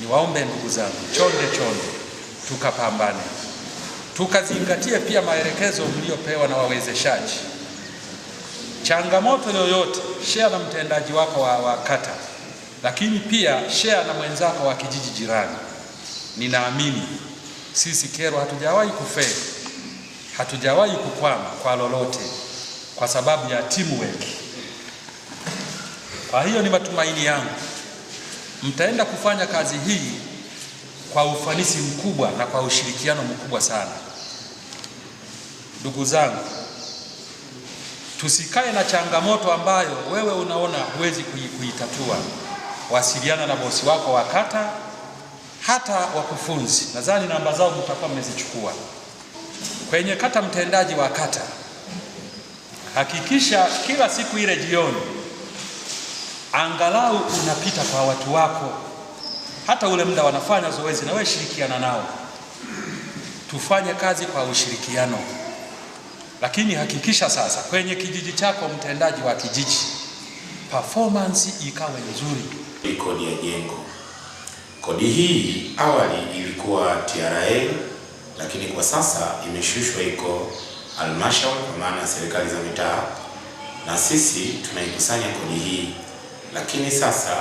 Niwaombe ndugu zangu, chonde chonde, tukapambane, tukazingatie pia maelekezo mliopewa na wawezeshaji. Changamoto yoyote share na mtendaji wako wa, wa kata, lakini pia share na mwenzako wa kijiji jirani. Ninaamini sisi Kyerwa hatujawahi kufeli, hatujawahi kukwama kwa lolote, kwa sababu ya teamwork. Kwa hiyo ni matumaini yangu mtaenda kufanya kazi hii kwa ufanisi mkubwa na kwa ushirikiano mkubwa sana. Ndugu zangu, tusikae na changamoto ambayo wewe unaona huwezi kuitatua. Wasiliana na bosi wako wa kata, hata wakufunzi. Nadhani namba zao mtakuwa mmezichukua kwenye kata. Mtendaji wa kata, hakikisha kila siku ile jioni angalau unapita kwa watu wako, hata ule muda wanafanya zoezi na wewe shirikiana nao. Tufanye kazi kwa ushirikiano, lakini hakikisha sasa kwenye kijiji chako, mtendaji wa kijiji, performance ikawe nzuri. Kodi ya jengo, kodi hii awali ilikuwa TRA, lakini kwa sasa imeshushwa, iko halmashauri, kwa maana ya serikali za mitaa, na sisi tunaikusanya kodi hii lakini sasa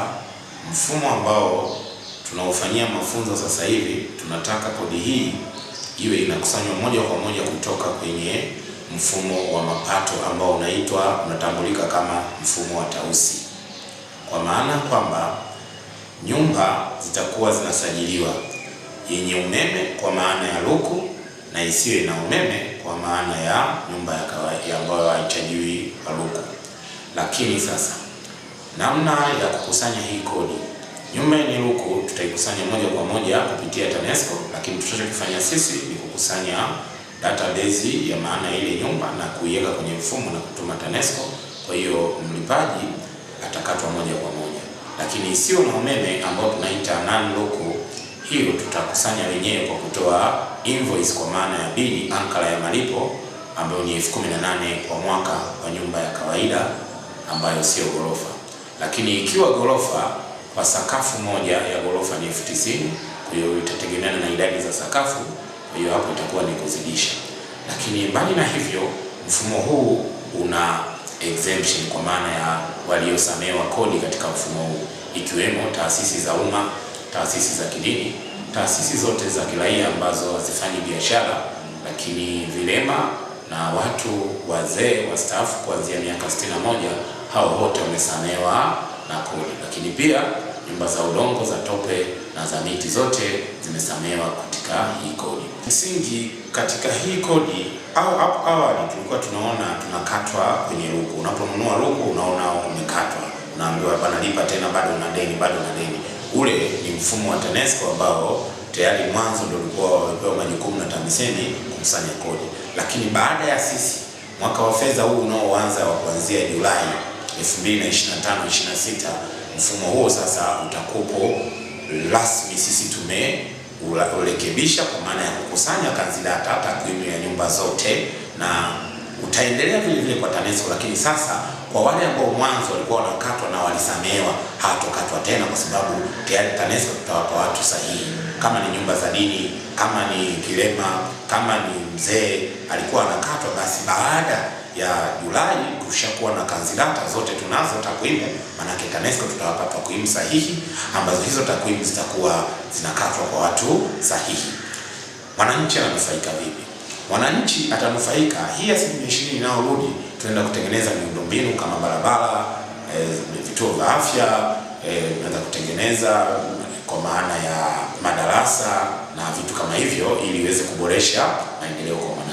mfumo ambao tunaofanyia mafunzo sasa hivi, tunataka kodi hii iwe inakusanywa moja kwa moja kutoka kwenye mfumo wa mapato ambao unaitwa unatambulika kama mfumo wa Tausi, kwa maana kwamba nyumba zitakuwa zinasajiliwa yenye umeme kwa maana ya luku na isiyo na umeme kwa maana ya nyumba ya kawaida ambayo haichajiwi kwa luku. Lakini sasa Namna ya kukusanya hii kodi, nyumba yenye luku tutaikusanya moja kwa moja kupitia TANESCO, lakini tutachokifanya sisi ni kukusanya database ya maana ile nyumba na kuiweka kwenye mfumo na kutuma TANESCO. Kwa hiyo mlipaji atakatwa moja kwa moja, lakini isiyo na umeme ambao tunaita non local, hiyo tutakusanya wenyewe kwa kutoa invoice kwa maana ya bili ankara ya malipo ambayo ni elfu kumi na nane kwa mwaka kwa nyumba ya kawaida ambayo sio ghorofa lakini ikiwa ghorofa kwa sakafu moja ya ghorofa ni elfu tisini kwa hiyo itategemeana na idadi za sakafu, kwa hiyo hapo itakuwa ni kuzidisha. Lakini mbali na hivyo, mfumo huu una exemption kwa maana ya waliosamewa kodi katika mfumo huu ikiwemo taasisi za umma, taasisi za kidini, taasisi zote za kiraia ambazo hazifanyi biashara, lakini vilema na watu wazee wastaafu kuanzia miaka 61 hao wote wamesamewa na kodi, lakini pia nyumba za udongo za tope na za miti zote zimesamewa katika hii kodi. Msingi katika hii kodi au hapo awali tulikuwa tunaona tunakatwa kwenye ruku. Unaponunua ruku unaona umekatwa, unaambiwa banalipa tena, bado una deni, bado una deni. Ule ni mfumo wa TANESCO ambao tayari mwanzo ndio ulikuwa wamepewa majukumu na TAMISEMI kukusanya kodi lakini baada ya sisi mwaka wa fedha huu unaoanza wa kuanzia Julai 2025 26 mfumo huo sasa utakupo rasmi. Sisi tumeurekebisha kwa maana ya kukusanya kazi data takwimu ya nyumba zote, na utaendelea vile vile kwa TANESCO, lakini sasa kwa wale ambao mwanzo walikuwa wanakatwa na walisamehewa, hawatokatwa tena, kwa sababu tayari TANESCO tutawapa watu sahihi. Kama ni nyumba za dini, kama ni kilema, kama ni mzee alikuwa anakatwa, basi baada ya Julai tushakuwa na kanzilata zote, tunazo takwimu, maanake TANESCO tutawapa takwimu sahihi, ambazo hizo takwimu zitakuwa zinakatwa kwa watu sahihi. Mwananchi ananufaika vipi? Mwananchi atanufaika hii asilimia ishirini inayorudi tunaenda kutengeneza miundombinu kama barabara e, vituo vya afya e, tunaenda kutengeneza eh, kwa maana ya madarasa na vitu kama hivyo ili iweze kuboresha maendeleo kwa